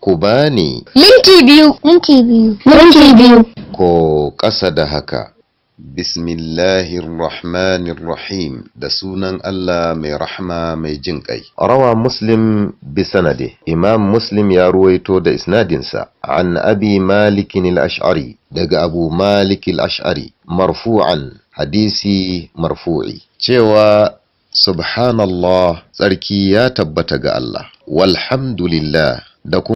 ku bani minti biyu minti biyu minti biyu ko ƙasa da haka Bismillahirrahmanirrahim da sunan Allah mai rahma mai jin ƙai. Rawa Muslim bi sanade, Imam Muslim ya ruwaito da isnadinsa, an abi malikin al-ash'ari daga abu malik al-ash'ari, marfu'an hadisi marfu'i, cewa Subhanallah tsarki ya tabbata ga Allah, walhamdulillah da kuma